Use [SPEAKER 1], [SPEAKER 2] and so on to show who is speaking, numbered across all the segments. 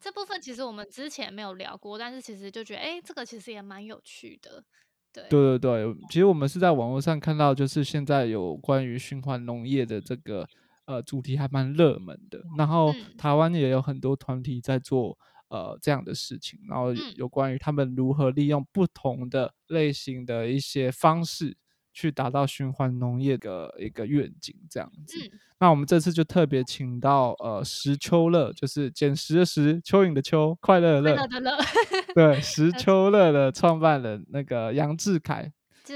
[SPEAKER 1] 這部分其實我們之前沒有聊過，但是其實就覺得，誒，這個其實也蠻有趣的。
[SPEAKER 2] 對對對對，其實我們是在網絡上看到，就是現在有關於循環農業的這個呃主題還蠻熱門的，嗯、然後、嗯、台灣也有很多團體在做呃這樣的事情，然後有關於他們如何利用不同的類型的一些方式。去達到循環農業的一個願景，這樣子、嗯。那我們這次就特別請到呃拾蚯樂，就是撿拾的拾，蚯蚓的蚯，快樂的樂，快樂的樂，對，拾蚯樂的創辦人那個楊智凱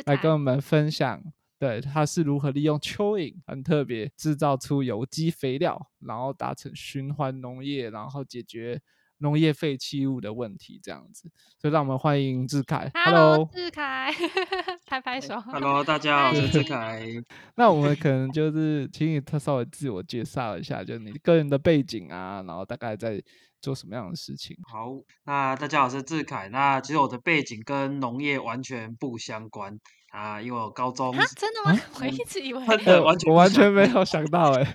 [SPEAKER 2] 來跟我們分享，對他是如何利用蚯蚓，很特別製造出有機肥料，然後達成循環農業，然後解決。農業廢棄物的問題，這樣子，就讓我們歡迎智凱。Hello，, hello.
[SPEAKER 1] 智凱， 拍拍手。Hey, hello，
[SPEAKER 2] 大家好，hey. 我是智凱。 那我們可能就是請你特稍微自我介紹一下， 就是你個人的背景啊，然後大概在做什麼樣的事情。
[SPEAKER 3] 好，那大家好，我是智凱。那其實我的背景跟農業完全不相關啊，因為我高中真的嗎、啊？我一直以為，我，我完
[SPEAKER 2] 全沒有想到、欸，
[SPEAKER 3] 哎。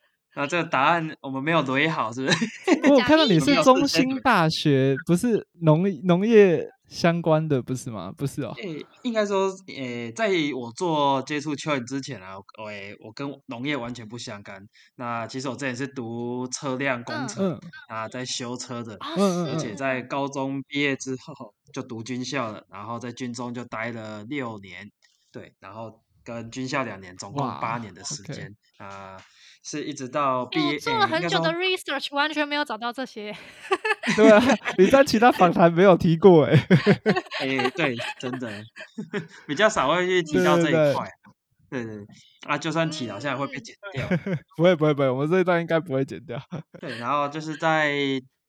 [SPEAKER 3] 那這個答案我們沒有羅列好，是不是、哦？我看到你是中興
[SPEAKER 2] 大學，不是農農業相關的，不是嗎？不是哦。
[SPEAKER 3] 誒，應該說，誒、欸，在我做接觸蚯蚓之前啊，我，、欸、我跟農業完全不相干。那其實我之前是讀車輛工程、嗯、啊，在修車的，嗯嗯嗯嗯，而且在高中畢業之後就讀軍校了，然後在軍中就待了六年。對，然後。跟軍校兩年，總共八年的時間啊、okay 呃，是一直到畢業、欸、做了很久的
[SPEAKER 1] research，完全沒有找到這些。
[SPEAKER 3] 對啊，你在其他訪談沒有提過哎、欸。哎、 欸，對，真的比較少會去提到這一塊、嗯。對對，對，對，對，對啊，就算提到，現在會被剪
[SPEAKER 2] 掉。嗯、 不會不會不會，我們這一段應該不會剪
[SPEAKER 3] 掉。對，然後就是在。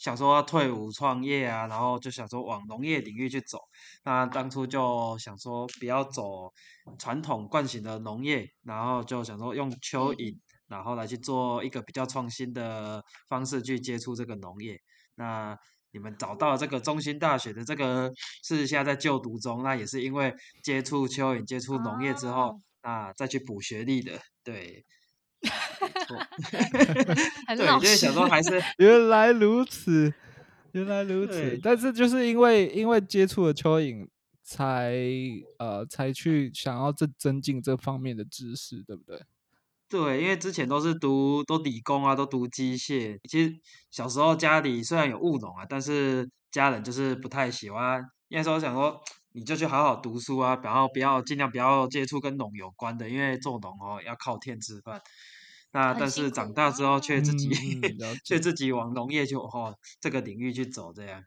[SPEAKER 3] 想說退伍創業啊，然後就想說往農業領域去走。那當初就想說不要走傳統慣行的農業，然後就想說用蚯蚓，然後來去做一個比較創新的方式去接觸這個農業。那你們找到這個中興大學的這個，是現在在就讀中。那也是因為接觸蚯蚓、接觸農業之後，那、啊嗯啊、再去補學歷的，對。錯， 鬧鬧對，覺得，小時候還是 原來如此，原來如此。但是就是因為因
[SPEAKER 2] 為接觸了蚯蚓，才呃才去想要這增進這方面的知識，對不對？
[SPEAKER 3] 對，因為之前都是讀都理工啊，都讀機械。其實小時候家裡雖然有務農啊，但是家人就是不太喜歡。因為那時候想說，你就去好好讀書啊，不要不要盡量不要接觸跟農有關的，因為做農哦、喔、要靠天吃飯。嗯那、啊、但是長大之後卻自己卻、嗯、 自己往農業去哦這個領域去走這樣，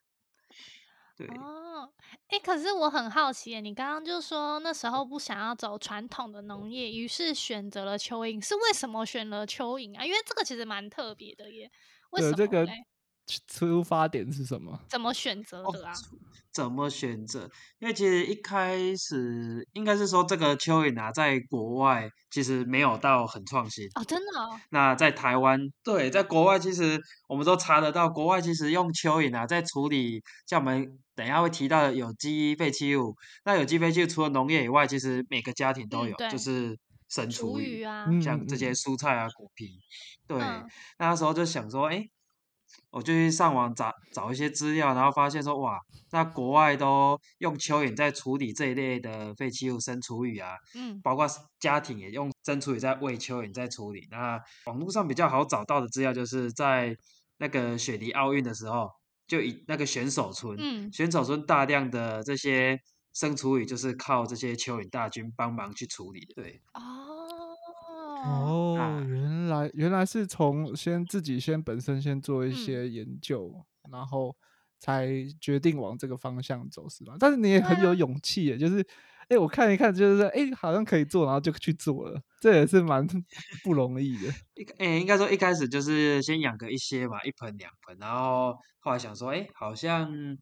[SPEAKER 3] 對
[SPEAKER 1] 哦，哎、欸、可是我很好奇耶，你剛剛就說那時候不想要走傳統的農業，於是選擇了蚯蚓，是為什麼選擇蚯蚓啊？因為這個其實蠻特別的耶，為什麼嘞？嗯這個
[SPEAKER 2] 出發點是什麼？
[SPEAKER 1] 怎麼選擇的
[SPEAKER 3] 啊、哦？怎麼選擇？因為其實一開始應該是說，這個蚯蚓啊，在國外其實沒有到很創新哦，真的、哦。那在台灣，對，在國外其實我們都查得到，國外其實用蚯蚓啊，在處理像我們等一下會提到的有機廢棄物。那有機廢棄物除了農業以外，其實每個家庭都有，嗯、就是剩廚餘啊，像這些蔬菜啊、果皮。對，嗯、那時候就想說，哎、欸。我就去上網找找一些資料，然後發現說，哇，那國外都用蚯蚓在處理這一類的廢棄物、生廚餘啊，嗯，包括家庭也用生廚餘在餵蚯蚓在處理。那網絡上比較好找到的資料，就是在那個雪梨奧運的時候，就以那個選手村，嗯，選手村大量的這些生廚餘就是靠這些蚯蚓大軍幫忙去處理的，對啊。哦
[SPEAKER 2] 哦，原來原來是從先自己先本身先做一些研究，嗯、然後才決定往這個方向
[SPEAKER 3] 走，是吧？但是你也很有勇
[SPEAKER 2] 氣耶、嗯，就是，誒、欸、我看一看，就是誒哎、欸，好像可以做，然後就去做了，這也是蠻不容易的。
[SPEAKER 3] 誒、 欸、應該說一開始就是先養個一些吧，一盆兩盆，然後後來想說，哎、欸，好像。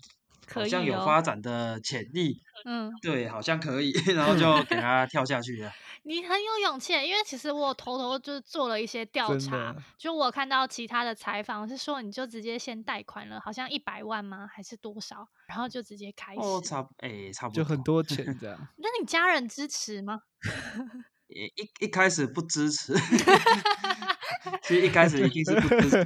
[SPEAKER 3] 好像有發展的潛力，嗯、哦，
[SPEAKER 1] 對嗯，
[SPEAKER 3] 好像可以，然後就給他跳下去了。
[SPEAKER 1] 你很有勇氣，因為其實我偷偷就做了一些調查，就我看到其他的採訪是說，你就直接先貸款了，好像一百萬嗎？還是多少？然後就直接
[SPEAKER 3] 開始。哦，差不，哎、欸，差不多，就很多錢這
[SPEAKER 1] 樣。 那你家人支持嗎？
[SPEAKER 3] 一一一開始不支持， 其實一開始一定是不支持。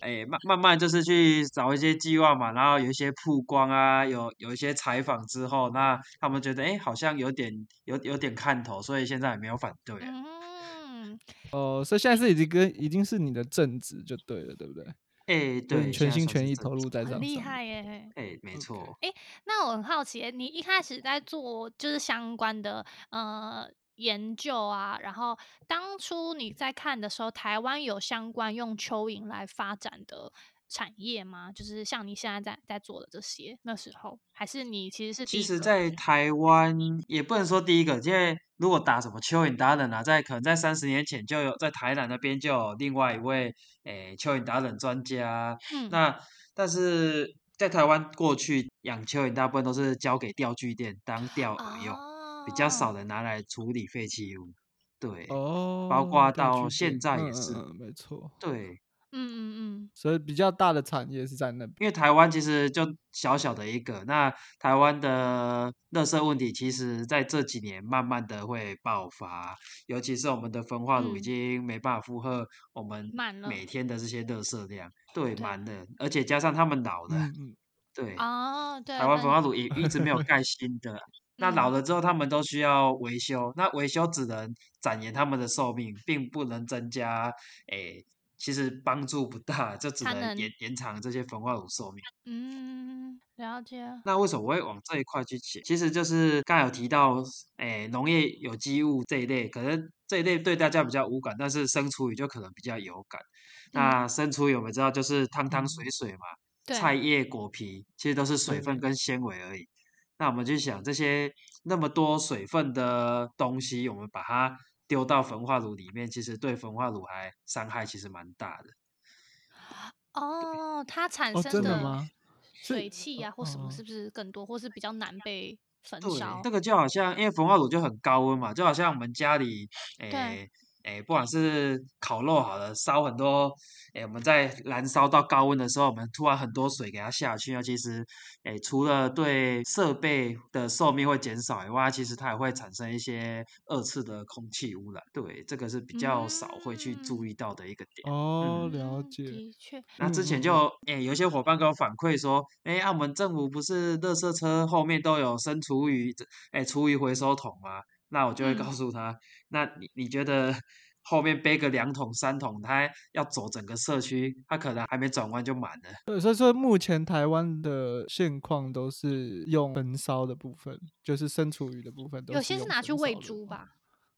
[SPEAKER 3] 哎、 欸，慢慢慢就是去找一些計劃嘛，然後有一些曝光啊，有有一些採訪之後，那他們覺得哎、欸，好像有點有有點看頭，所以現在也沒有反對。嗯，
[SPEAKER 2] 哦、呃，所以現在是已經跟已經是你的正職就對了，對不對？哎、欸，對，全心全意投入在這裡。很厲害耶！哎、欸，沒錯。
[SPEAKER 1] 哎、okay. 欸，那我很好奇，你一開始在做就是相關的呃。研究啊，然後當初你在看的時候，台灣有相關用蚯蚓來發展的產業嗎？就是像你現在在在做的這些，那時候還是
[SPEAKER 3] 你其實是？其實在台灣也不能說第一個，因為如果打什麼蚯蚓達人啊，在可能在三十年前就有在台南那邊就有另外一位誒、欸、蚯蚓達人專家。嗯，那但是在台灣過去養蚯蚓大部分都是交給釣具店當釣餌用。Uh -huh. 比較少人拿來處理廢棄物，對，哦，包括到現在也是，沒錯，對，
[SPEAKER 2] 嗯嗯
[SPEAKER 3] 嗯，所以比較大的產業是在那邊，因為台灣其實就小小的一個，那台灣的垃圾問題，其實在這幾年慢慢的會爆發，尤其是我們的焚化爐已經沒辦法負荷我們每天的這些垃圾量，對，滿了，而且加上他們老了，對，哦，
[SPEAKER 1] 對，台灣焚化爐也
[SPEAKER 3] 一直沒有蓋新的、嗯。嗯嗯嗯嗯嗯嗯嗯。那老了之後，他們都需要維修。嗯、那維修只能展延他們的壽命，並不能增加。誒、欸，其實幫助不大，就只能延能延長這些焚化爐壽命。嗯，
[SPEAKER 1] 了解。
[SPEAKER 3] 那為什麼我會往這一塊去寫？其實就是剛有提到，誒、欸，農業有機物這一類，可能這一類對大家比較無感，但是生廚餘就可能比較有感。嗯、那生廚餘我們知道就是湯湯水水嘛，嗯、菜葉、果皮其實都是水分跟纖維而已。嗯那我們就想這些那麼多水分的東西，我們把它丟到焚化爐裡面，其實對焚化爐還傷害其實蠻大的。
[SPEAKER 1] 哦，它產生的水汽啊、哦哦，或什麼是不是更多，或是比較難被焚燒？這、
[SPEAKER 3] 那個就好像因為焚化爐就很高溫嘛，就好像我們家裡誒。哎誒、欸、不管是烤肉好了，燒很多，誒、欸、我們在燃燒到高溫的時候，我們突然很多水給它下去，那其實，誒、欸、除了對設備的壽命會減少以外，其實它也會產生一些二次的空氣污染。對，這個是比較少會去注意到的一個點。嗯嗯、哦，
[SPEAKER 2] 了解。的、嗯、確。那之前就，
[SPEAKER 3] 欸、有些夥伴跟我反饋說，哎、欸、澳、啊、門政府不是垃圾車後面都有生廚餘，誒、欸、廚餘回收桶嗎？那我就會告訴他。嗯那你你覺得後面背個兩桶三桶，他要走整個社區，他可能還沒轉彎就滿
[SPEAKER 2] 了。對，所以說目前台灣的現況都是用
[SPEAKER 3] 焚燒的部分，就是生廚餘的，的部分，有些是拿
[SPEAKER 1] 去餵豬吧，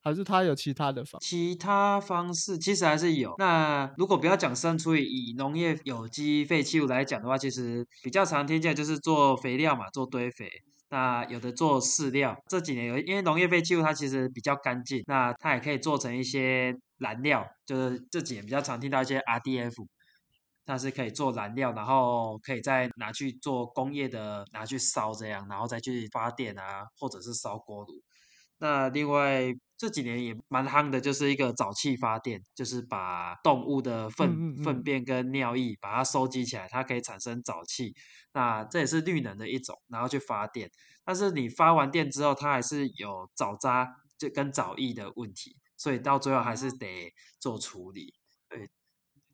[SPEAKER 3] 還是他有其他的方法？其他方式其實還是有。那如果不要講生廚餘，以農業有機廢棄物來講的話，其實比較常聽見就是做肥料嘛，做堆肥。那有的做飼料，這幾年有，因為農業廢棄物它其實比較乾淨，那它也可以做成一些燃料，就是這幾年比較常聽到一些 RDF，它是可以做燃料，然後可以再拿去做工業的，拿去燒這樣，然後再去發電啊，或者是燒鍋爐。那另外，這幾年也蠻夯的，就是一個沼氣發電，就是把動物的糞嗯嗯嗯糞便跟尿液，把它收集起來，它可以產生沼氣。那這也是綠能的一種，然後去發電。但是你發完電之後，它還是有沼渣就跟沼液的問題，所以到最後還是得做處理。對。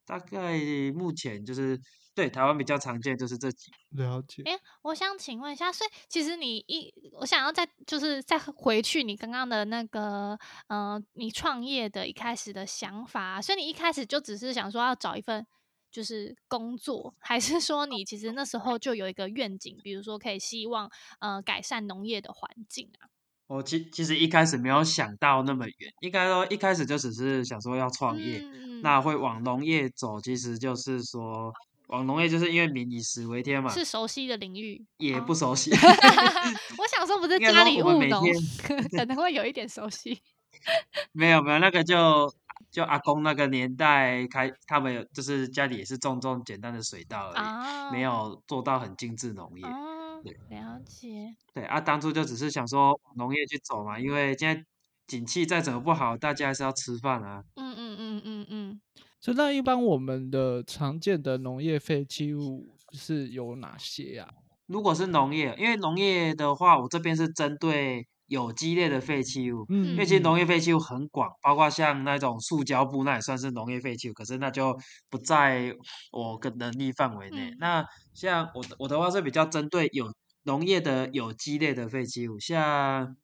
[SPEAKER 3] 大概目前就是對台灣比較常見就是這幾個了解。欸。
[SPEAKER 1] 我想請問一下，所以其實你一我想要再就是再回去你剛剛的那個，嗯、呃，你創業的一開始的想法，所以你一開始就只是想說要找一份就是工作，還是說你其實那時候就有一個願景，比如說可以希望呃改善農業的環境啊？
[SPEAKER 3] 我其其實一開始沒有想到那麼遠，應該說一開始就只是想說要創業、嗯，那會往農業走，其實就是說往農業，就是因為民以食為天嘛。是
[SPEAKER 1] 熟悉的領域，
[SPEAKER 3] 也不熟悉。
[SPEAKER 1] Oh. 我想說不是家裡務農， 可能會有一點熟悉。
[SPEAKER 3] 沒有沒有，那個就就阿公那個年代開，他們就是家裡也是種種簡單的水稻而已，oh. 沒有做到很精致農業。Oh. 對，了解，對啊，當初就只是想說農業去走嘛，因為現在景氣再怎麼不好，大家還是要吃飯啊。嗯嗯嗯嗯
[SPEAKER 2] 嗯。所以那一般我們的常見的農業廢棄物是有哪些
[SPEAKER 3] 呀？啊？如果是農業，因為農業的話，我這邊是針對。有機類的廢棄物，嗯，因為其實農業廢棄物很廣，嗯，包括像那種塑膠布，那也算是農業廢棄物，可是那就不在我個能力範圍內。嗯、那像我我的話是比較針對有農業的有機類的廢棄物，像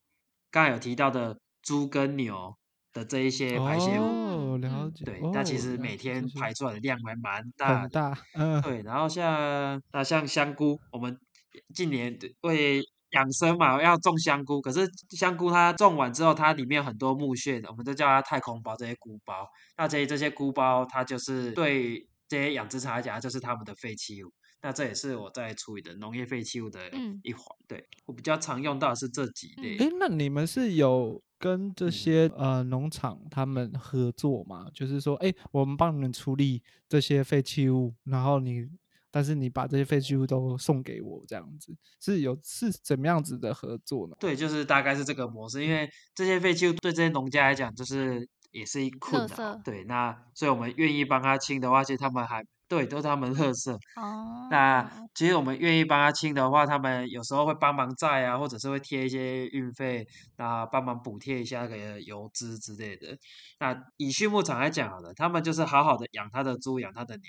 [SPEAKER 3] 剛才有提到的豬跟牛的這一些排泄物，哦、了解對、哦，那其實每天排出來的量還蠻大，
[SPEAKER 2] 大嗯，對，
[SPEAKER 3] 然後像那像香菇，我們近年會養生嘛，要種香菇。可是香菇它種完之後，它裡面很多木屑，我們就叫它太空包，這些菇包。那所以這些菇包它些，它就是對這些養殖場來講，就是他們的廢棄物。那這也是我在處理的農業廢棄物的一環、嗯。對我比較常用到的是這幾類。哎、
[SPEAKER 2] 嗯，欸，那你們是有跟這些、嗯、呃農場他們合作嗎？就是說，哎、欸，我們幫你們處理這些廢棄物，然後你。但是你把這些廢棄物都送給我，這樣子是有是怎麼樣子的合作呢？
[SPEAKER 3] 對，就是大概是這個模式，因為這些廢棄物對這些農家來講，就是也是一個困難。對，那所以我們願意幫他清的話，其實他們還對，都是他們特色。哦。那其實我們願意幫他清的話，他們有時候會幫忙載啊，或者是會貼一些運費，啊，幫忙補貼一下給油資之類的。那以畜牧場來講好了，他們就是好好的養他的豬，養他的牛。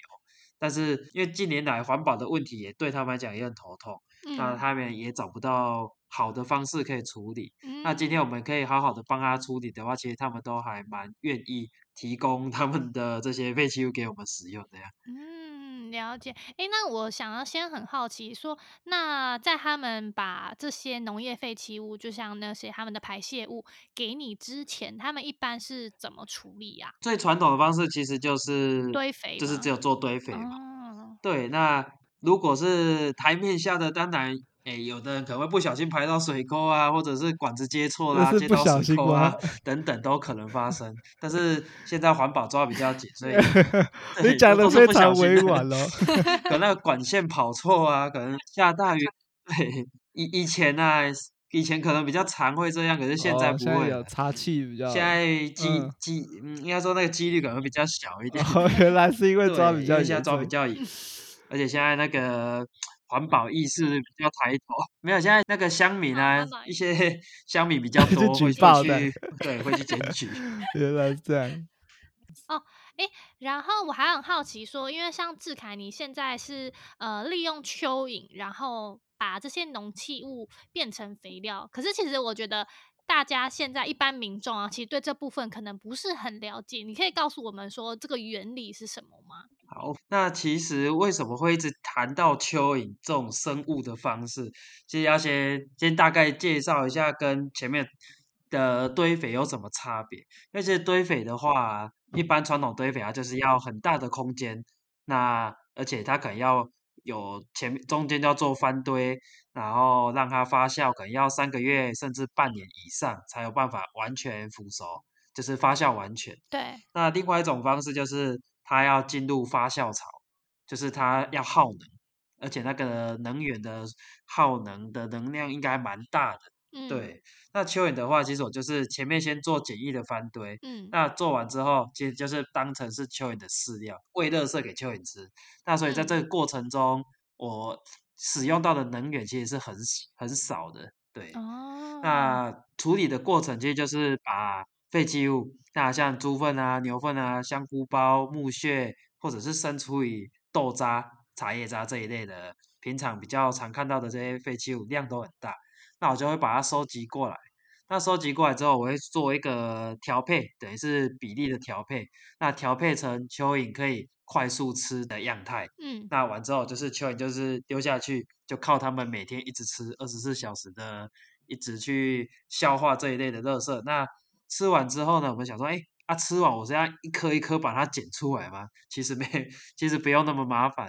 [SPEAKER 3] 但是，因為近年來環保的問題也對他們來講也很頭痛，嗯、那他們也找不到好的方式可以處理。嗯。那今天我們可以好好的幫他處理的話，其實他們都還蠻願意提供他們的這些廢棄物給我們使用的呀。嗯
[SPEAKER 1] 了解，哎、欸，那我想要先很好奇說，說那在他們把這些農業廢棄物，就像那些他們的排泄物給你之前，他們一般是怎麼處理呀、啊？
[SPEAKER 3] 最傳統的方式其實就是堆肥，就是只有做堆肥、嗯、對，那如果是台面下的單，當然。哎、欸，有的人可能會不小心排到水溝啊，或者是管子接錯啦、啊，接到水溝啊，等等都可能發生。 但是現在環保抓比較緊，所以 你講的太委婉了。 可能那個管線跑錯啊，可能下大雨。以 以前呢、啊，以前可能比較常會這樣，可是現在不會。現
[SPEAKER 2] 在有氣比較。現在
[SPEAKER 3] 機機、嗯嗯、應該說那個幾率可能比較小一點。哦、原
[SPEAKER 2] 來是因為抓比較嚴，現
[SPEAKER 3] 在抓比較嚴， 而且現在那個。環保意識比較抬頭，沒有？現在那個鄉民呢，一些鄉民比較多舉報的會去，對，會去檢舉，
[SPEAKER 2] 原來是這樣。
[SPEAKER 1] 哦，哎、欸，然後我還很好奇說，因為像智凱，你現在是呃利用蚯蚓，然後把這些農器物變成肥料。可是其實我覺得大家現在一般民眾啊，其實對這部分可能不是很了解。你可以告訴我們說，這個原理是什麼嗎？
[SPEAKER 3] 好，那其實為什麼會一直談到蚯蚓這種生物的方式？其實要先先大概介紹一下，跟前面的堆肥有什麼差別？因為堆肥的話，一般傳統堆肥啊，就是要很大的空間，那而且它可能要有前面中間要做翻堆，然後讓它發酵，可能要三個月甚至半年以上才有辦法完全腐熟，就是發酵完全。對。那另外一種方式就是。它要進入發酵槽，就是它要耗能，而且那個能源的耗能的能量應該蠻大的。嗯。對，那蚯蚓的話，其實我就是前面先做簡易的翻堆，嗯，那做完之後，其實就是當成是蚯蚓的飼料，餵垃圾給蚯蚓吃。那所以在這個過程中，嗯，我使用到的能源其實是很很少的。對，哦，那處理的過程其實就是把廢棄物，那像豬糞啊、牛糞啊、香菇包、木屑，或者是生廚餘、豆渣、茶葉渣這一類的，平常比較常看到的這些廢棄物量都很大，那我就會把它收集過來。那收集過來之後，我會做一個調配，等於是比例的調配，那調配成蚯蚓可以快速吃的樣態。嗯，那完之後就是蚯蚓，就是丟下去，就靠它們每天一直吃，二十四小時的一直去消化這一類的垃圾。那吃完之後呢，我們想說，哎、欸，它、啊、吃完我這樣一顆一顆把它撿出來嗎？其實沒，其實不用那麼麻煩。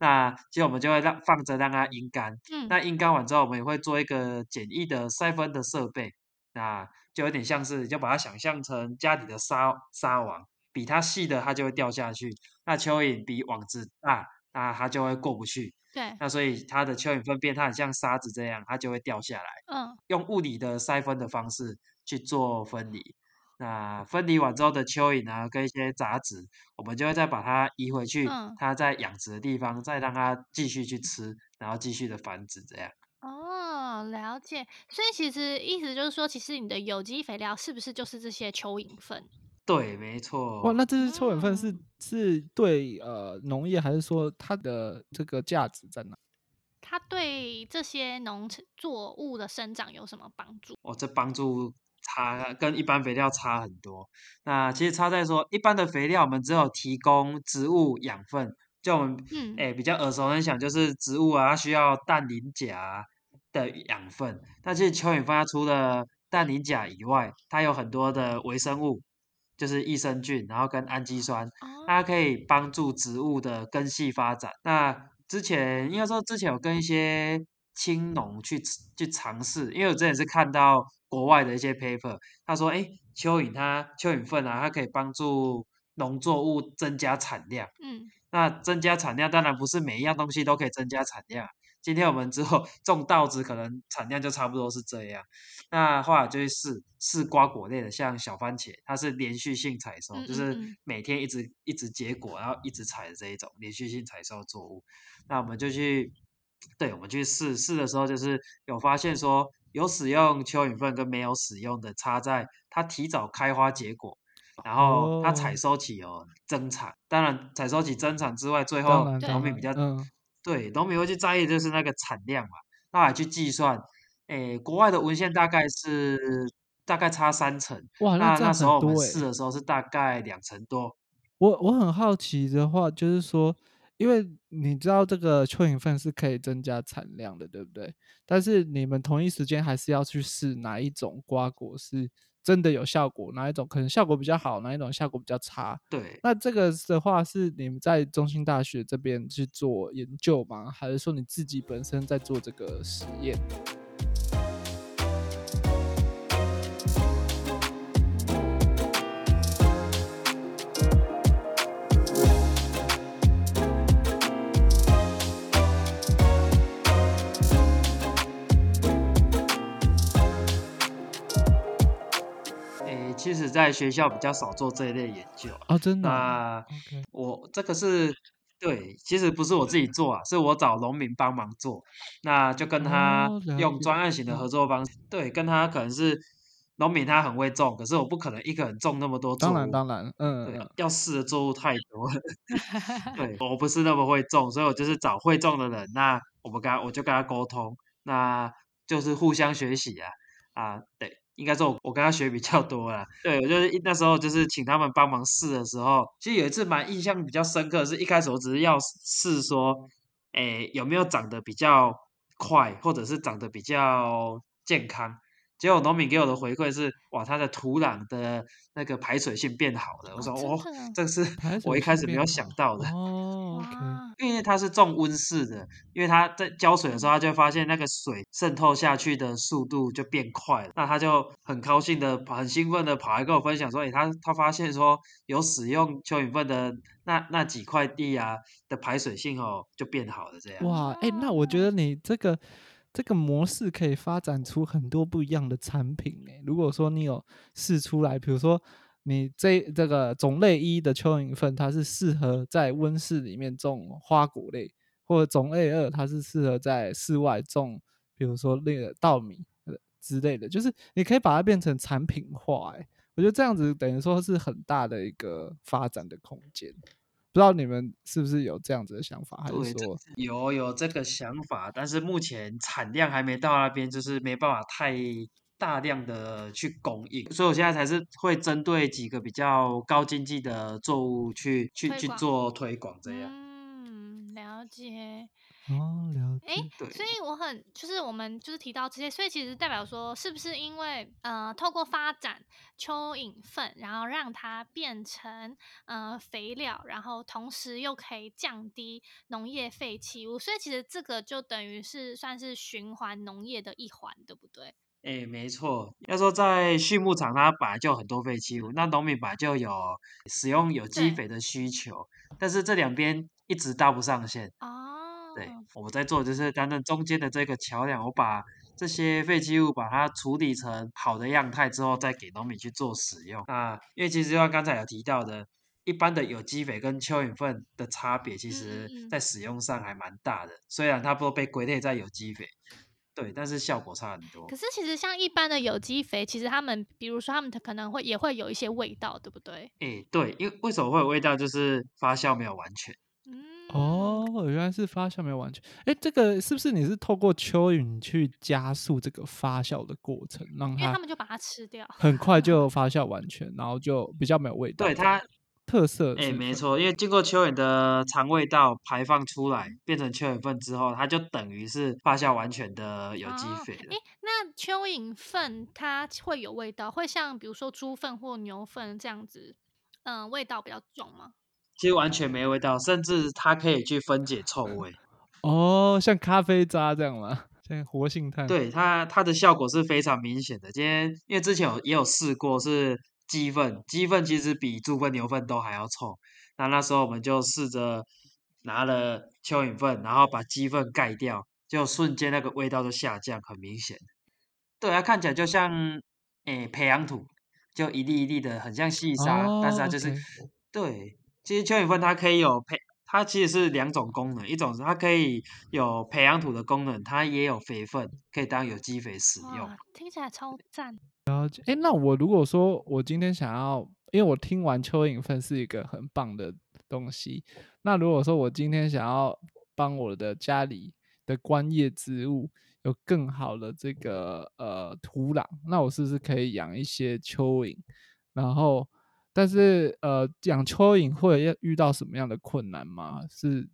[SPEAKER 3] 那其實我們就會讓放着讓它陰乾。嗯。那陰乾完之後，我們也會做一個簡易的篩分的設備。那就有點像是，你就把它想象成家裡的沙沙網，比它細的它就會掉下去。那蚯蚓比網子大，那、啊啊、它就會過不去。對。那所以它的蚯蚓糞便，它很像沙子這樣，它就會掉下來。嗯。用物理的篩分的方式。去做分離，那分離完之後的蚯蚓呢，啊，跟一些雜質，我們就會再把它移回去，它在養殖的地方，嗯，再讓它繼續去吃，然後繼續的繁殖，這樣。
[SPEAKER 1] 哦，了解。所以其實意思就是說，其實你的有機肥料是不是就是這些蚯蚓糞？
[SPEAKER 3] 對，沒錯。哇，
[SPEAKER 2] 那這些蚯蚓糞是，嗯，是對呃農業，還是說
[SPEAKER 3] 它的這個價值在哪？
[SPEAKER 1] 它對這些農作物的生長有什麼幫助？哦，這
[SPEAKER 3] 幫助。差跟一般肥料差很多。那其實差在說，一般的肥料我們只有提供植物養分，就我們、嗯欸、比較耳熟能詳就是植物啊它需要氮磷鉀的養分。但其實蚯蚓糞它除了氮磷鉀以外，它有很多的微生物，就是益生菌，然後跟氨基酸、哦，它可以幫助植物的根系發展。那之前應該說之前有跟一些。青農去去嘗試，因為我之前是看到國外的一些 paper，他說，誒，蚯蚓它蚯蚓糞啊，它可以幫助農作物增加產量。嗯，那增加產量當然不是每一樣東西都可以增加產量。今天我們之後種稻子，可能產量就差不多是這樣。那後來就去試試瓜果類的，像小番茄，它是連續性採收嗯嗯嗯，就是每天一直一直結果，然後一直採的這一種連續性採收的作物。那我們就去。對，我們去試試的時候，就是有發現說，有使用蚯蚓糞跟沒有使用的差在它提早開花結果，然後它採收期有增產。當然，採收期增產之外，最後農民比較、嗯、對，農民會去在意就是那個產量嘛。那還去計算，誒，國外的文獻大概是大概差三成，哇那那，欸、那，那時候我們試的時候是大概兩成多。
[SPEAKER 2] 我我很好奇的話，就是說。因為你知道這個蚯蚓糞是可以增加產量的，對不對？但是你們同一時間還是要去試哪一種瓜果是真的有效果，哪一種可能效果比較好，哪一種效果比較差。對，那這個的話是你們在中興大學這邊去做研究嗎？還是說你自己本身在做這個實驗？
[SPEAKER 3] 其實，在學校比較少做這一類研究啊，oh, 真的？Okay. 我這個是，對，其實不是我自己做啊，是我找農民幫忙做。那就跟他用專案型的合作方式，對，跟他可能是農民，他很會種，可是我不可能一個人種那麼多。當然，當然，嗯，要試的作物太多。 對，我不是那麼會種，所以我就是找會種的人。那我們跟他，我就跟他溝通，那就是互相學習啊，啊，對。應該說，我跟他學比較多啦。對，我就是那時候，就是請他們幫忙試的時候，其實有一次蠻印象比較深刻的，是一開始我只是要試說，誒，有沒有長得比較快，或者是長得比較健康。結果農民給我的回饋是：哇，它的土壤的那個排水性變好了。啊、我說：哦、啊，這是我一開始沒有想到的。哦、okay，因為它是種溫室的，因為他在澆水的時候，他就發現那個水滲透下去的速度就變快了。那他就很高興的、很興奮的跑來跟我分享說：哎，他他發現說有使用蚯蚓糞的那那幾塊地啊的排水性哦就變好了這樣。哇，
[SPEAKER 2] 哎，那我覺得你這個。這個模式可以發展出很多不一樣的產品、欸、如果說你有試出來，比如說你這這個種類一的蚯蚓糞，它是適合在溫室裡面種花果類；或者種類二，它是適合在室外種，比如說那個稻米之類的。就是你可以把它變成產品化哎、欸，我覺得這樣子等於說是很大的一個發展的空間。不知道你們是不是有這樣子的想法，還是說
[SPEAKER 3] 有有這個想法，但是目前產量還沒到那邊，就是沒辦法太大量的去供應，所以我現在才是會針對幾個比較高經濟的作物去去去做推廣這樣。嗯，
[SPEAKER 1] 了解。哦，了解。對。誒，所以我很就是我們就是提到這些，所以其實代表說是不是因為呃，透過發展蚯蚓糞，然後讓它變成呃肥料，然後同時又可以降低農業廢棄物，所以其實這個就等於是算是循環農業的一環，對不對？
[SPEAKER 3] 哎，沒錯。要說在畜牧場，它本來就很多廢棄物，那農民本來就有使用有機肥的需求，但是這兩邊一直搭不上線。哦對，我們在做就是擔任中間的這個橋梁，我把這些廢棄物把它處理成好的樣態之後，再給農民去做使用啊。因為其實就像剛才有提到的，一般的有機肥跟蚯蚓糞的差別，其實在使用上還蠻大的。嗯嗯、雖然它不都被歸類在有機肥，對，但是效果差很多。可是
[SPEAKER 1] 其實像一般的有機肥，其實他們比如說他們可能會也會有一些味道，
[SPEAKER 3] 對不對？哎、欸，對，因為為什麼會有味道，就是發酵沒有完全。嗯。哦，
[SPEAKER 2] 原來是發酵沒有完全。誒，這個是不是你是透過蚯蚓去加速這個發酵的過程，讓它因為他們就把它吃掉，很快就發酵完全，嗯、然後就比較沒有味道。對它特色，誒，
[SPEAKER 3] 沒錯，因為經過蚯蚓的腸胃道排放出來，變成蚯蚓糞之後，它就等於是發酵完全的有機肥了、嗯誒。
[SPEAKER 1] 那蚯蚓糞它會有味道，會像比如說豬糞或牛糞這樣子，嗯，味道比較重嗎？
[SPEAKER 3] 其實完全沒味道，甚至它可以去分解臭味。
[SPEAKER 2] 嗯、哦，像咖啡渣這樣嗎？像活性炭？對，
[SPEAKER 3] 它、它的效果是非常明顯的。今天因為之前有也有試過是雞糞，雞糞其實比豬糞、牛糞都還要臭。那那時候我們就試着拿了蚯蚓糞，然後把雞糞蓋掉，就瞬間那個味道就下降，很明顯。對它看起來就像誒、欸、培養土，就一粒一粒的，很像細沙。哦，但是它就是、okay、對。其實蚯蚓糞它可以有培，它其實是兩種功能，一種是它可以有培養土的功能，它也有肥分，可以當有機肥使
[SPEAKER 1] 用。聽起來超讚。
[SPEAKER 2] 然後，哎、欸，那我如果說我今天想要，因為我聽完蚯蚓糞是一個很棒的東西，那如果說我今天想要幫我的家裡的觀葉植物有更好的這個呃土壤，那我是不是可以養一些蚯蚓，然後？但是，呃，養蚯蚓會遇到什麼樣的困難嗎？是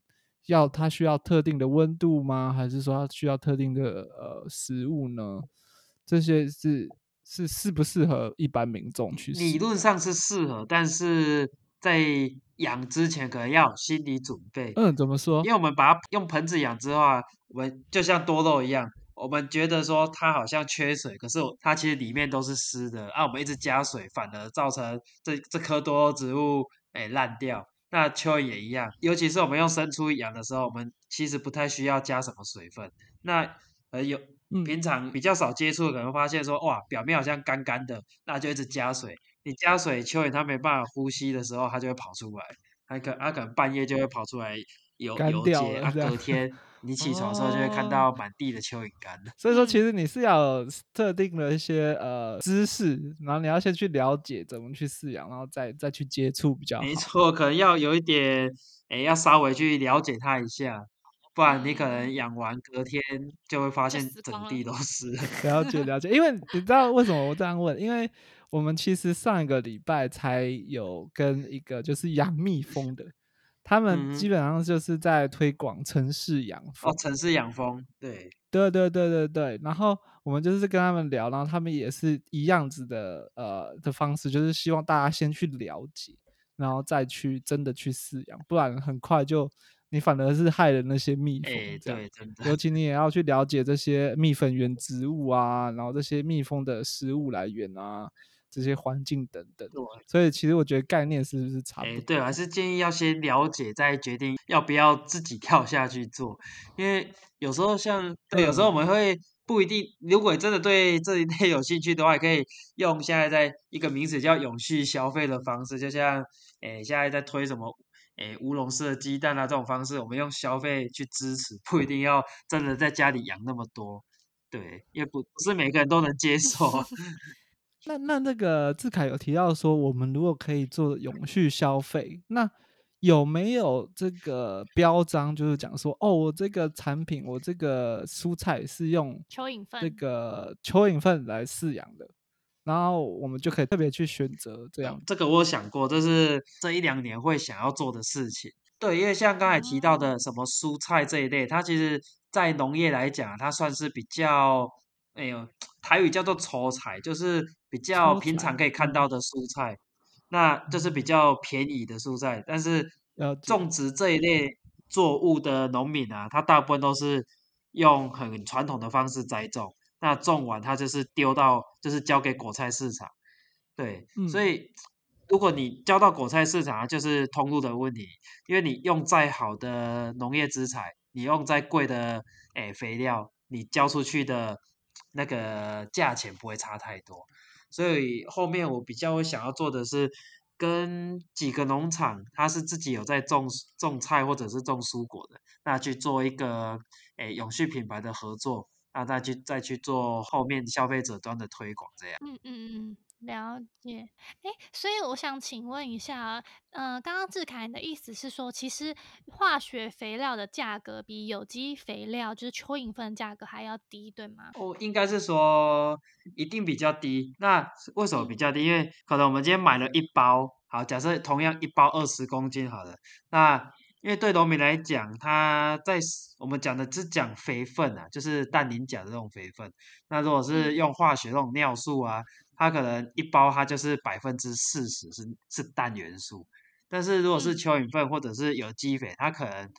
[SPEAKER 2] 要它需要特定的溫度嗎？還是說它需要特定的呃食物呢？這些是是適不適合一般民眾去試？理
[SPEAKER 3] 論上是適合，但是在養之前可能要有心理準備。嗯，怎麼說？因為我們把它用盆子養之後啊，我們就像多肉一樣。我們覺得說它好像缺水，可是它其實裡面都是濕的啊。我們一直加水，反而造成這這棵多肉植物誒、欸、爛掉。那蚯蚓也一樣，尤其是我們用生粗養的時候，我們其實不太需要加什麼水分。那、呃、有平常比較少接觸，可能發現說、嗯、哇，表面好像乾乾的，那就一直加水。你加水，蚯蚓它沒辦法呼吸的時候，它就會跑出來。它可它可能半夜就會跑出來。有乾掉了啊！隔天你起床的時候就會看到滿地的蚯蚓乾了、哦、所以說，其實你是要
[SPEAKER 2] 特定的一些呃知識，然後你要先去了解怎麼去飼養，然後
[SPEAKER 3] 再再去接觸比較好。沒錯，可能要有一點，哎、欸，要稍微去了解它一下，不然你可能養完隔天就會發現整地都是、嗯。了解了
[SPEAKER 2] 解，因為你知道為什麼我這樣問？因為我們其實上一個禮拜才有跟一個就是養蜜蜂的。 他們基本上就是在推廣城市養蜂哦，城市
[SPEAKER 3] 養蜂，對，
[SPEAKER 2] 對，對，對，對，對。然後我們就是跟他們聊，然後他們也是一樣子的，呃，的方式，就是希望大家先去了解，然後再去真的去飼養，不然很快就你反而是害了那些蜜蜂。哎，對，尤其你也要去了解這些蜜粉源植物啊，然後這些蜜蜂的食物來源啊，這些環境等等，對，所以其實我覺得概念是不是差不多，欸？對，還
[SPEAKER 3] 是建議要先了解，再決定要不要自己跳下去做。因為有時候像對，有時候我們會不一定，如果真的對這一類有興趣的話，可以用現在在一個名詞叫“永續消費”的方式，就像哎，欸，現在在推什麼哎烏龍式的雞蛋啊這種方式，我們用消費去支持，不一定要真的在家裡養那麼多，對，也不不是每個人都能接受。
[SPEAKER 2] 那那那個智凱有提到說，我們如果可以做永續消費，那有沒有這個標章，就是講說，哦，我這個產品，我這個蔬菜是用蚯蚓糞這個蚯蚓糞來飼養的，然後我們就可以特別去選擇這樣、
[SPEAKER 3] 嗯。這個我想過，這是這一兩年會想要做的事情。對，因為像剛才提到的什麼蔬菜這一類，它其實在農業來講、啊，它算是比較，哎呦，台語叫做醜菜，就是。比較平常可以看到的蔬菜，那就是比較便宜的蔬菜。但是，呃，種植這一類作物的農民啊，他大部分都是用很傳統的方式栽種。那種完他就是丟到，就是交給果菜市場。對，嗯、所以如果你交到果菜市場啊，就是通路的問題。因為你用再好的農業資材，你用再貴的誒、欸、肥料，你交出去的那個價錢不會差太多。所以後面我比較想要做的是，跟幾個農場，他是自己有在種種菜或者是種蔬果的，那去做一個誒永續品牌的合作，那再去再去做後面消費者端的推廣，這樣。
[SPEAKER 1] 嗯嗯嗯。嗯了解，哎，所以我想請問一下，嗯、呃，剛剛智凱你的意思是說，其實化學肥料的價格比有機肥料，就是蚯蚓糞價格還要低，對嗎？哦，
[SPEAKER 3] 應該是說一定比較低。那為什麼比較低？因為，可能我們今天買了一包，好，假設同樣一包二十公斤，好了，那。因為對農民來講，他在我們講的只講肥分啊，就是氮磷鉀的這種肥分。那如果是用化學那種尿素啊，它可能一包它就是百分之四十是是氮元素。但是如果是蚯蚓糞或者是有機肥，它可能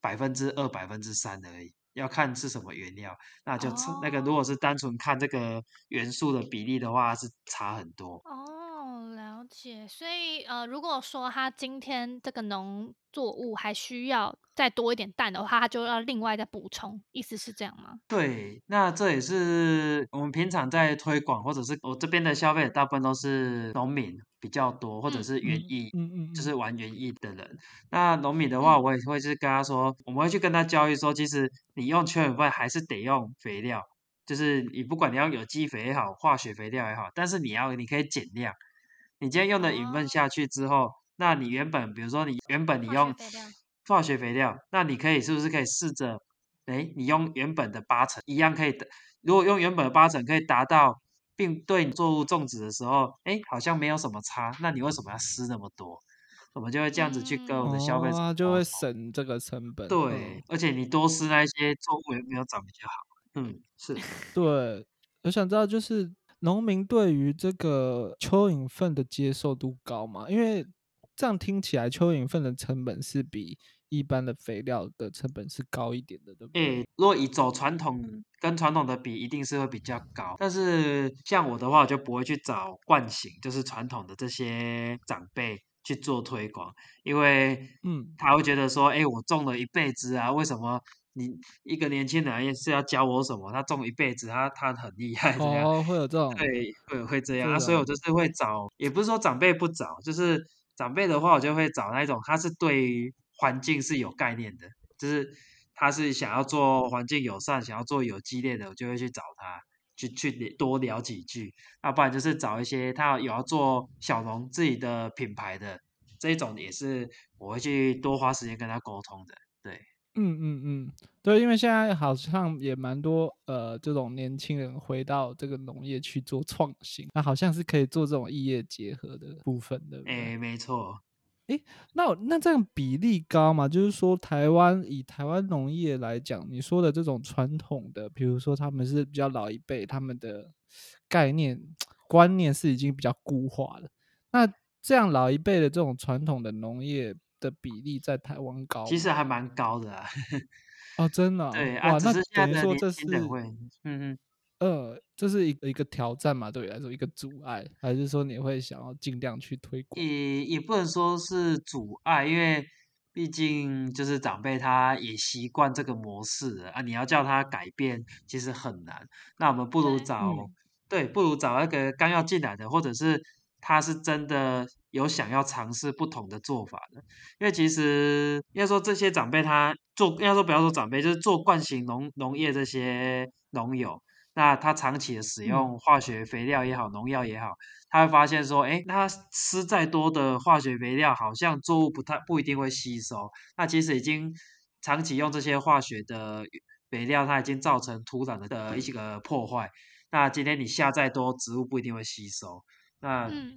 [SPEAKER 3] 百分之二百分之三而已，要看是什麼原料。那就那個如果是單純看這個元素的比例的話，是差很多。
[SPEAKER 1] 且所以呃，如果說他今天這個農作物還需要再多一點氮的話，他就要另外再補充，意思是這樣嗎？
[SPEAKER 3] 對，那這也是我們平常在推廣，或者是我這邊的消費大部分都是農民比較多，或者是園藝，嗯嗯，就是玩園藝的人、嗯。那農民的話，我也會是跟他說、嗯，我們會去跟他教育，說，其實你用蚯蚓糞還是得用肥料，就是你不管你要有機肥也好，化學肥料也好，但是你要你可以減量。你今天用的蚓糞下去之後、哦，那你原本，比如說你原本你用化學肥料，肥料那你可以是不是可以試着，哎、欸，你用原本的八成一樣可以的。如果用原本的八成可以達到，並對你作物種植的時候，哎、欸，好像沒有什麼差。那你為什麼要施那麼多？我們就會這樣子去跟我們的消費者，
[SPEAKER 2] 哦、他就會省這個成本。對，而且你
[SPEAKER 3] 多施那些作物也沒有長比較好。嗯，是
[SPEAKER 2] 對。我想知道就是。農民對於這個蚯蚓糞的接受度高嗎？因為這樣聽起來，蚯蚓糞的成本是比一般的肥料的成本是高一點的，對不對？欸，
[SPEAKER 3] 若以走傳統跟傳統的比，一定是會比較高，嗯。但是像我的話，我就不會去找慣行，就是傳統的這些長輩去做推廣，因為嗯，他會覺得說，欸，我種了一輩子啊，為什麼？你一個年輕人也是要教我什麼？他種一輩子，他他很厲害，這樣、哦、會有這種對會會這樣啊！所以我就是會找，也不是說長輩不找，就是長輩的話，我就會找那一種，他是對於環境是有概念的，就是他是想要做環境友善，想要做有機類的，我就會去找他，去去多聊幾句。那不然就是找一些他有要做小農自己的品牌的這一種，也是我會去多花時間跟他溝通的，對。
[SPEAKER 2] 嗯嗯嗯，對，因為現在好像也蠻多呃，這種年輕人回到這個農業去做創新，那好像是可以做這種異業結合的部分的。哎，
[SPEAKER 3] 沒錯。哎，
[SPEAKER 2] 那那這樣比例高嘛？就是說，台灣以台灣農業來講，你說的這種傳統的，比如說他們是比較老一輩，他們的概念觀念是已經比較固化了。那這樣老一輩的這種傳統的農業。的比例在台灣高，其實還蠻高的啊，哦，真的、啊，對啊，只是現在的年輕人會，嗯嗯，呃，這是一個一個挑戰嘛，對你來說一個阻礙，還是說你會想要盡量去推廣？
[SPEAKER 3] 也也不能說是阻礙，因為畢竟就是長輩他也習慣這個模式啊，你要叫他改變其實很難。那我們不如找，對，對嗯、對不如找那個剛要進來的，或者是他是真的。有想要嘗試不同的做法的，因為其實要說這些長輩他做，要說不要說長輩，就是做慣行農農業這些農友，那他長期的使用化學肥料也好，農藥也好，他會發現說，誒，欸，他吃再多的化學肥料，好像作物不太不一定會吸收。那其實已經長期用這些化學的肥料，它已經造成土壤的的一些個破壞。那今天你下再多植物，不一定會吸收。那。嗯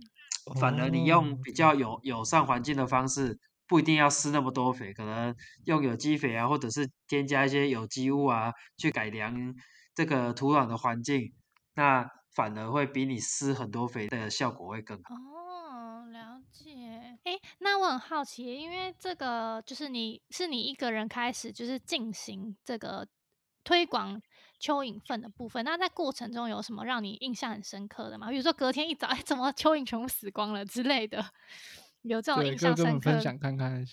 [SPEAKER 3] 反而你用比較有友善環境的方式，oh. 不一定要施那麼多肥，可能用有機肥啊，或者是添加一些有機物啊，去改良這個土壤的環境，那反而會比你施很多肥的效果會更好。哦，oh，
[SPEAKER 1] 了解。誒，那我很好奇，因為這個就是你是你一個人開始就是進行這個推廣。.蚯蚓糞的部分，那在過程中有什麼讓你印象很深刻的嗎？比如說隔天一早，哎，怎麼蚯蚓全部死光了之類的？有這種印象深刻，
[SPEAKER 3] 分享看看一。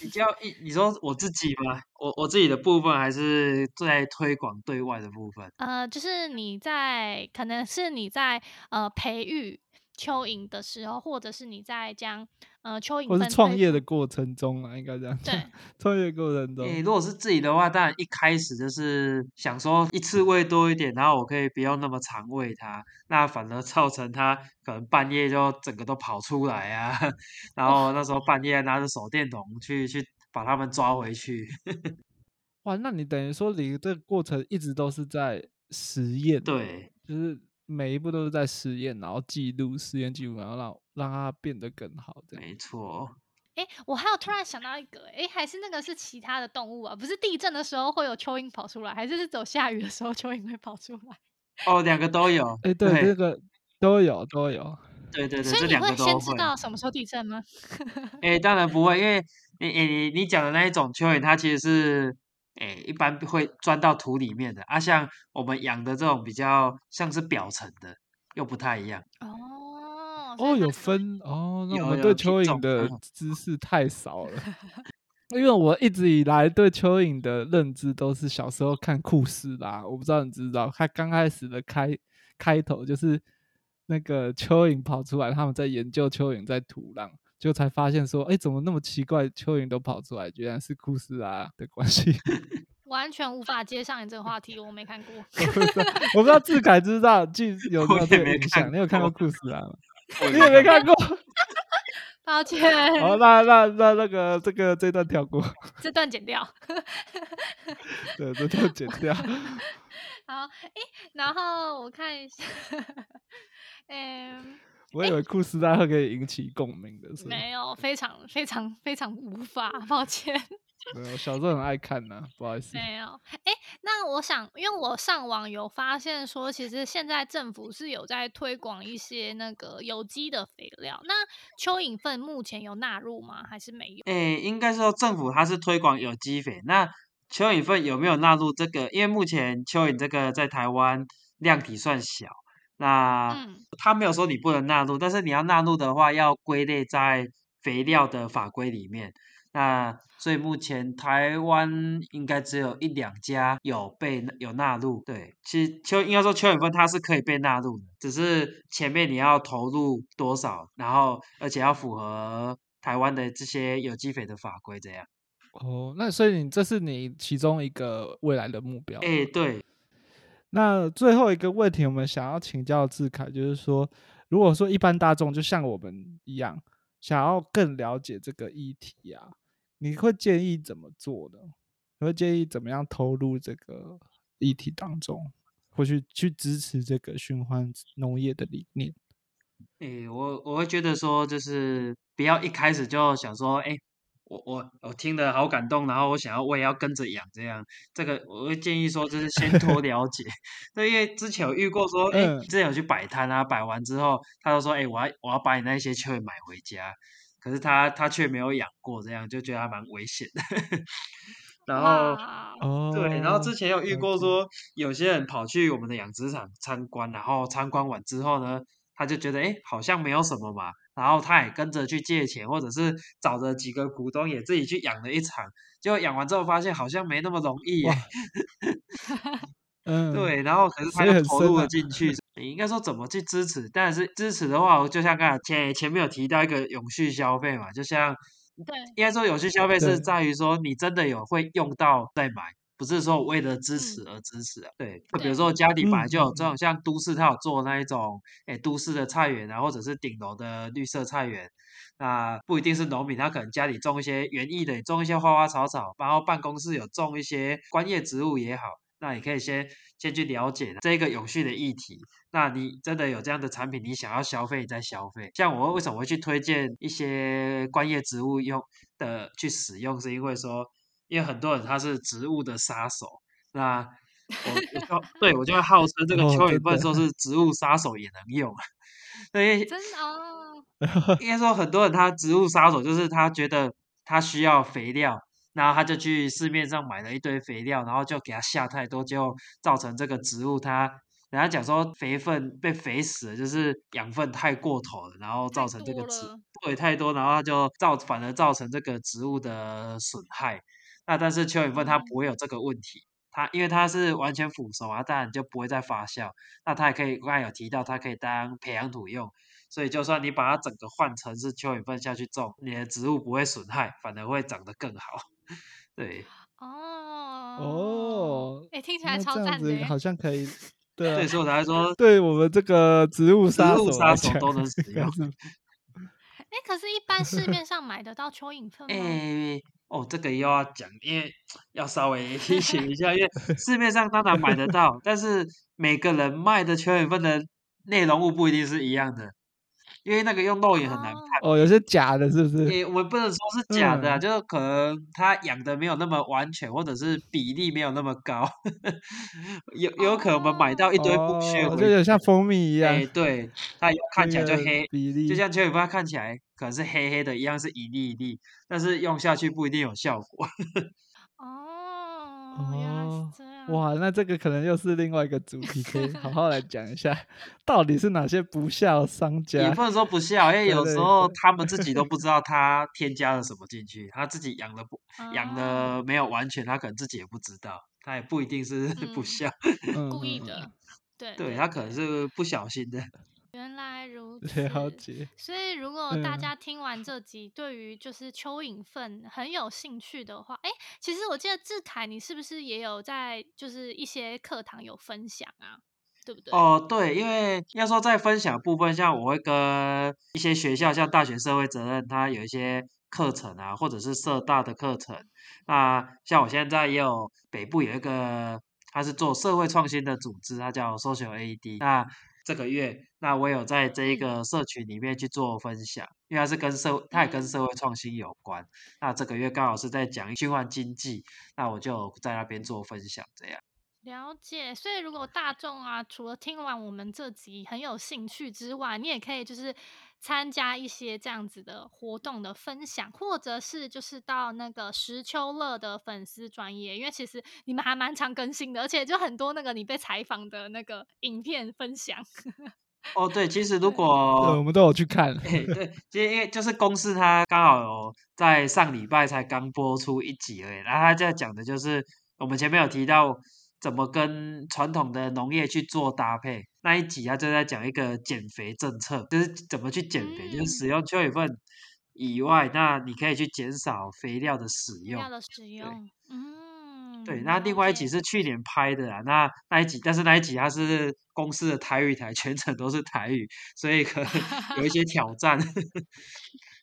[SPEAKER 3] 比 較你你，你說我自己嗎？我我自己的部分還是最愛推廣對外的部分。
[SPEAKER 1] 呃，就是你在，可能是你在呃培育。蚯蚓的時候，或者是你在將呃蚯蚓，Chilling、我是創業
[SPEAKER 2] 的過程中啊、呃，應該這樣對，創業的過程
[SPEAKER 3] 中，你、欸、如果是自己的話，當然一開始就是想說一次餵多一點，然後我可以不用那麼常餵它，那反而造成它可能半夜就整個都跑出來啊。然後那時候半夜拿着手電筒去 去把它們抓回去。
[SPEAKER 2] 哇，那你等於說你這個過程一直都是在實驗，對，就是。每一步都是在實驗，然後記錄實驗記錄，然後讓讓它變得更好。
[SPEAKER 3] 對。沒錯。
[SPEAKER 1] 哎，我還有突然想到一個，哎，還是那個是其他的動物啊？不是地震的時候會有蚯蚓跑出來，還是是走下雨的時候蚯蚓會跑出來？
[SPEAKER 3] 哦，兩個都有。
[SPEAKER 2] 哎，對，這個都有都有。對對對。所以你
[SPEAKER 3] 會先知
[SPEAKER 1] 道什麼時候地震嗎？
[SPEAKER 3] 哎，當然不會，因為你哎你你講的那一種蚯蚓，它其實是。哎，一般會鑽到土裡面的啊，像我們養的這種比較像是表層的，又不太一樣。
[SPEAKER 2] 哦哦，有分哦。那我們對蚯蚓的知識太少了。啊，因為我一直以來對蚯蚓的認知都是小時候看酷斯拉，我不知道你知不知道，它剛開始的開開頭就是那個蚯蚓跑出來，他們在研究蚯蚓在土壤。就才發現說，哎、欸，怎麼那麼奇怪？蚯蚓都跑出來，居然是酷斯拉的關係，
[SPEAKER 1] 完全無法接上你這個話題。 我沒看過， 我不知道智
[SPEAKER 2] 凱知道，道，就 有沒有這個影響。 你有看過酷斯拉？你也沒看過，
[SPEAKER 1] 抱歉。好，那
[SPEAKER 2] 那那那個這個這段跳過，
[SPEAKER 1] 這段剪掉。
[SPEAKER 2] 對，這段剪掉。
[SPEAKER 1] 好，哎、欸，然後我看一下，嗯、欸。
[SPEAKER 2] 欸、我以為酷斯拉會可以引起共鳴的、欸，是沒
[SPEAKER 1] 有，非常非常非常無法，抱歉。
[SPEAKER 2] 沒有，我小時候很愛看呢、啊，不好意思。沒
[SPEAKER 1] 有，哎，那我想，因為我上網有發現說，其實現在政府是有在推廣一些那個有機的肥料。那蚯蚓糞目前有納入嗎？還是沒有？哎、欸，
[SPEAKER 3] 應該說政府它是推廣有機肥，那蚯蚓糞有沒有納入這個？因為目前蚯蚓這個在台灣量體算小。那、嗯、他沒有說你不能納入，但是你要納入的話，要歸類在肥料的法規裡面。那所以目前台灣應該只有一兩家有被有納入。對，其實蚯，應該說蚯蚓糞他是可以被納入的，只是前面你要投入多少，然後而且要符合台灣的這些有機肥的法規這樣。
[SPEAKER 2] 哦，那所以你這是你其中一個未來的目標？哎、欸，對。那最後一個問題，我們想要請教智凱，就是說，如果說一般大眾就像我們一樣，想要更了解這個議題啊，你會建議怎麼做的？你會建議怎麼樣投入這個議題當中，或去去支持這個循環農業的理念？
[SPEAKER 3] 誒、欸，我我會覺得說，就是不要一開始就想說，哎、欸。我我我聽得好感動，然後我想要我也要跟着養這樣，這個我會建議說就是先多了解，對， 因為之前有遇過說，欸、你之前有去擺攤啊，擺完之後他都說，哎、欸，我要我要把你那些蚯蚓買回家，可是他他卻沒有養過這樣，就覺得還蠻危險的。 然後，啊、對、哦，然後之前有遇過說，okay. 有些人跑去我們的養殖場參觀，然後參觀完之後呢，他就覺得哎、欸，好像沒有什麼嘛。然後他也跟着去借錢，或者是找着幾個股東也自己去養了一場。結果養完之後發現好像沒那麼容易。 嗯，對。然後可是他又投入了進去。你應該說怎麼去支持？但是支持的話，我就像剛才前前面有提到一個永續消費嘛，就像對，應該說永續消費是在於說你真的有會用到再買。不是說為了支持而支持啊，對，比如說家裡本來就有這種，像都市他有做那一種，哎，都市的菜園啊，或者是頂樓的綠色菜園，那不一定是農民，他可能家裡種一些園藝的，種一些花花草草，然後辦公室有種一些觀葉植物也好，那你可以先先去了解這個永續的議題。那你真的有這樣的產品，你想要消費，你再消費。像我為什麼會去推薦一些觀葉植物用的去使用，是因為說，因為很多人他是植物的殺手，那我就 對我就會號稱這個蚯蚓糞說是植物殺手也能用。對、哦，真哦，
[SPEAKER 2] 應
[SPEAKER 3] 該 說很多人他植物殺手就是他覺得他需要肥料，然後他就去市面上買了一堆肥料，然後就給他下太多，就造成這個植物他，人家講說肥糞被肥死了，就是養分太過頭了，然後造成這個植，對，太多，然後他就造反而造成這個植物的損害。那但是蚯蚓糞它不會有這個問題，嗯、它因為它是完全腐熟啊，當然就不會再發酵。那它還可以剛才有提到，它可以當培養土用，所以就算你把它整個換成是蚯蚓糞下去種，你的植物不會損害，反而會長得更好。對哦哦，
[SPEAKER 1] 哎、欸，聽起來超贊的，好
[SPEAKER 2] 像可以。
[SPEAKER 3] 對啊， 對，所以來說，對
[SPEAKER 2] 我們這個植物殺手，手都能使
[SPEAKER 3] 用。
[SPEAKER 1] 哎、欸，可是，一般市面上買得到蚯蚓糞嗎？
[SPEAKER 3] 欸哦，這個又要講，因為要稍微提醒一下， 因為市面上當然買得到， 但是每個人賣的蚯蚓糞的內容物不一定是一樣的，因為那個用肉眼很難看、
[SPEAKER 2] 啊。哦，有些假的，是不是？
[SPEAKER 3] 也、欸，我不能說是假的、啊嗯，就是可能它養的沒有那麼完全，或者是比例沒有那麼高， 有有可能我們買到一堆不均、啊哦、就有點像
[SPEAKER 2] 蜂蜜一樣。欸、
[SPEAKER 3] 對，它有看起來就黑，那個、比例就像蚯蚓糞看起來。可能是黑黑的，一樣是一粒一粒，但是用下去不一定有效果。
[SPEAKER 2] 哦，哇，那這個可能又是另外一個主題， 可以好好來講一下，到底是哪些不肖商家？也不能說
[SPEAKER 3] 不肖，因為有時候他們自己都不知道他添加了什麼進去，他自己養的不養 的沒有完全，他可能自己也不知道，他也不一定是不肖，嗯、 故意的。對，對他可能是不小心的。
[SPEAKER 1] 原來如此，
[SPEAKER 3] 了解。
[SPEAKER 1] 所以，如果大家聽完這集，對於就是蚯蚓糞很有興趣的話，誒，其實我記得智凱，你是不是也有在就是一些課堂有分享啊？對不對？哦，對，因
[SPEAKER 3] 為要說在分享部分，像我會跟一些學校，像大學社會責任，它有一些課程啊，或者是社大的課程。那像我現在也有北部有一個，它是做社會創新的組織，它叫 Social AED。那這個月，那我有在這一個社群裡面去做分享，嗯、因為它是跟社，它也跟社會創新有關，嗯。那這個月剛好是在講循環經濟，那我就在那邊做分享，這樣。
[SPEAKER 1] 了解，所以如果大眾啊，除了聽完我們這集很有興趣之外，你也可以就是。參加一些這樣子的活動的分享，或者是就是到那個拾蚯樂的粉絲專頁，因為其實你們還蠻常更新的，而且就很多那個你被採訪的那個影片分享。
[SPEAKER 3] 哦，對，其實如果對，對，我們都有去看，欸、對，其實因為就是公司他剛好在上禮拜才剛播出一集而已，然後他在講的就是我們前面有提到。怎麼跟傳統的農業去做搭配？那一集啊，就在講一個減肥政策，就是怎麼去減肥，嗯、就是使用蚯蚓糞以外，那你可以去減少肥料的使用。肥料的使用，嗯，對。那另外一集是去年拍的啊，那那一集，但是那一集它是公司的台語台，全程都是台語，所以可能有一些挑戰。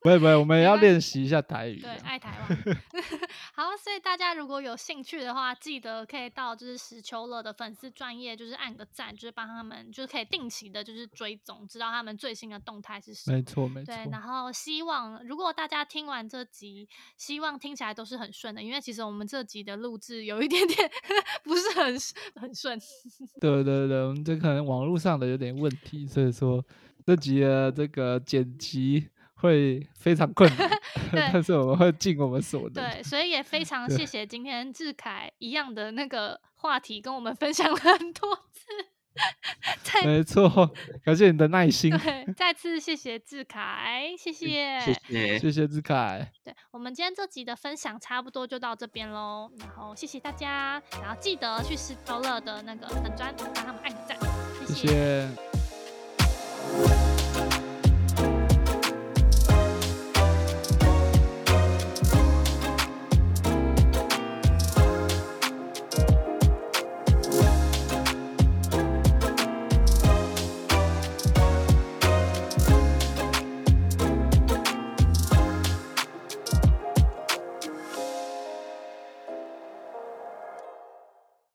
[SPEAKER 1] 不
[SPEAKER 2] 會不會，我們要練習一下台語、啊。
[SPEAKER 1] 對，愛台灣。 好，所以大家如果有興趣的話，記得可以到就是拾蚯樂的粉絲專頁，就是按個讚，就是幫他們，就是可以定期的，就是追蹤，知道他們最新的動態是什麼。沒錯，沒錯。對，然後希望如果大家聽完這集，希望聽起來都是很順的，因為其實我們這集的錄製有一點點 不是很很順。 對
[SPEAKER 2] 對對，我們這可能網絡上的有點問題，所以說。這集的這個剪輯會非常困難， 但是我們會盡我們所能。對，
[SPEAKER 1] 所以也非常謝謝今天智凱一樣的那個話題跟我們分享了很多次，對次。沒錯，
[SPEAKER 2] 感謝你的耐心。對，
[SPEAKER 1] 再次謝謝智凱，謝謝，
[SPEAKER 2] 謝謝智凱、欸。
[SPEAKER 1] 對，我們今天這集的分享差不多就到這邊嘍，然後謝謝大家，然後記得去拾蚯樂的那個粉專幫他們按個讚，謝
[SPEAKER 2] 謝。謝謝。